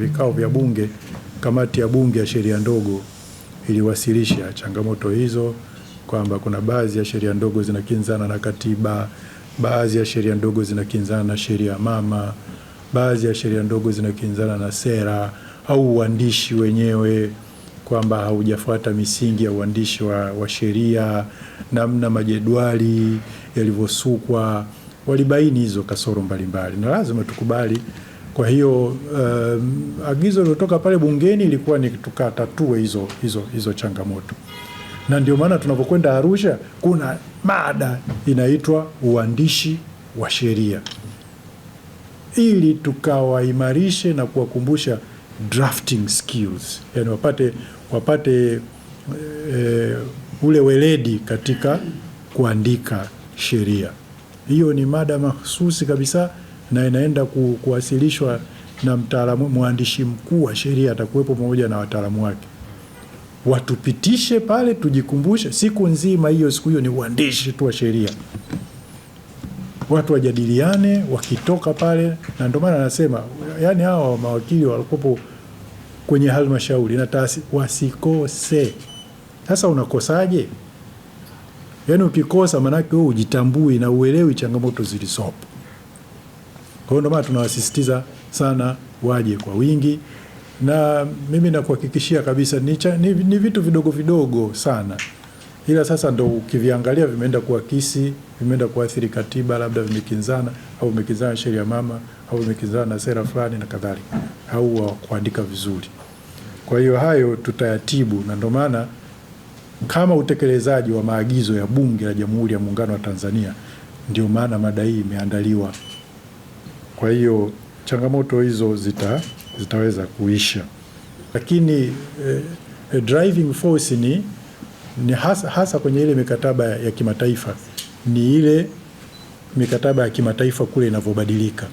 vikao vya bunge, kamati ya bunge ya sheria ndogo iliwasilisha changamoto hizo kwamba kuna baadhi ya sheria ndogo zinakinzana na katiba, baadhi ya sheria ndogo zinakinzana na sheria mama, baadhi ya sheria ndogo zinakinzana na sera au uandishi wenyewe kwamba haujafuata misingi ya uandishi wa, wa sheria, namna majedwali yalivyosukwa. Walibaini hizo kasoro mbalimbali, na lazima tukubali kwa hiyo uh, agizo lilotoka pale bungeni ilikuwa ni tukatatue hizo, hizo, hizo changamoto, na ndio maana tunapokwenda Arusha kuna mada inaitwa uandishi wa sheria ili tukawaimarishe na kuwakumbusha drafting skills, yani wapate, wapate e, ule weledi katika kuandika sheria. Hiyo ni mada mahususi kabisa na inaenda ku, kuwasilishwa na mtaalamu mwandishi mkuu wa sheria atakuwepo pamoja na wataalamu wake, watupitishe pale, tujikumbushe siku nzima hiyo. Siku hiyo ni uandishi tu wa sheria, watu wajadiliane wakitoka pale. Na ndio maana anasema yani, hawa mawakili walikopo kwenye halmashauri na taasisi wasikose. Sasa unakosaje? Yani ukikosa, maanake wewe ujitambui na uelewi changamoto zilizopo hiyo ndio maana tunawasisitiza sana waje kwa wingi, na mimi nakuhakikishia kabisa ni, ni, ni vitu vidogo vidogo sana, ila sasa ndo ukiviangalia vimeenda kuakisi, vimeenda kuathiri katiba, labda vimekinzana au vimekinzana sheria mama au vimekinzana na sera fulani na kadhalika, au kuandika vizuri. Kwa hiyo hayo tutayatibu, na ndio maana kama utekelezaji wa maagizo ya Bunge la Jamhuri ya Muungano wa Tanzania, ndio maana mada hii imeandaliwa. Kwa hiyo changamoto hizo zita, zitaweza kuisha, lakini eh, eh, driving force ni, ni hasa, hasa kwenye ile mikataba ya kimataifa ni ile mikataba ya kimataifa kule inavyobadilika.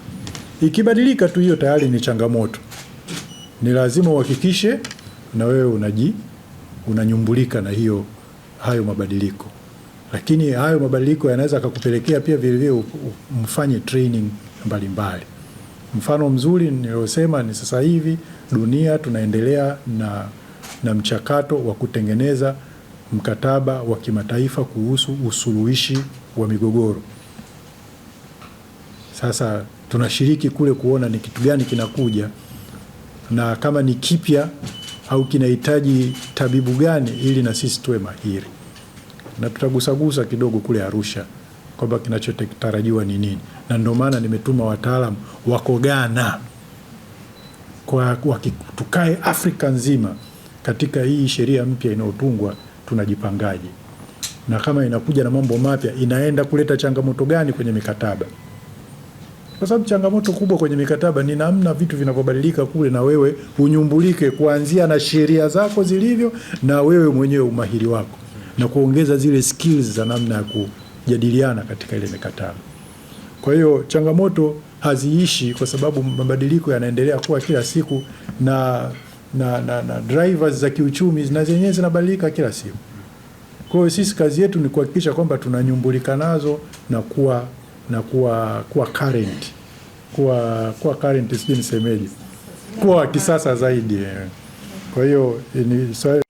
Ikibadilika tu hiyo tayari ni changamoto, ni lazima uhakikishe na wewe unaji unanyumbulika na hiyo hayo mabadiliko, lakini hayo mabadiliko yanaweza akakupelekea pia vilevile mfanye training mbalimbali. Mfano mzuri niliosema ni sasa hivi dunia tunaendelea na, na mchakato wa kutengeneza mkataba wa kimataifa kuhusu usuluhishi wa migogoro. Sasa tunashiriki kule kuona ni kitu gani kinakuja na kama ni kipya au kinahitaji tabibu gani ili na sisi tuwe mahiri, na tutagusagusa kidogo kule Arusha kwamba kinachotarajiwa ni nini, na ndio maana nimetuma wataalam wako Ghana kwa wakitukae Afrika nzima katika hii sheria mpya inayotungwa, tunajipangaje na kama inakuja na mambo mapya inaenda kuleta changamoto gani kwenye mikataba? Kwa sababu changamoto kubwa kwenye mikataba ni namna vitu vinavyobadilika kule, na wewe unyumbulike kuanzia na sheria zako zilivyo, na wewe mwenyewe umahiri wako, na kuongeza zile skills za namna ya kujadiliana katika ile mikataba. Kwa hiyo changamoto haziishi kwa sababu mabadiliko yanaendelea kuwa kila siku na, na, na, na drivers za kiuchumi na zenyewe zinabadilika kila siku. Kwa hiyo sisi kazi yetu ni kuhakikisha kwamba tunanyumbulika nazo na kuwa na kuwa kuwa current kuwa kuwa current, sijui nisemeje, kuwa kisasa zaidi. Eh. Kwa hiyo eh, ni